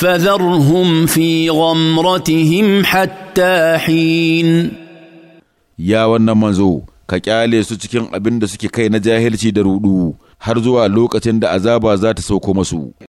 فذرهم في غمرتهم حتى حين يا wannan manzo ka kyale su cikin abin da suke kai na jahilci da rudu har zuwa lokacin da azaba za ta sauko masu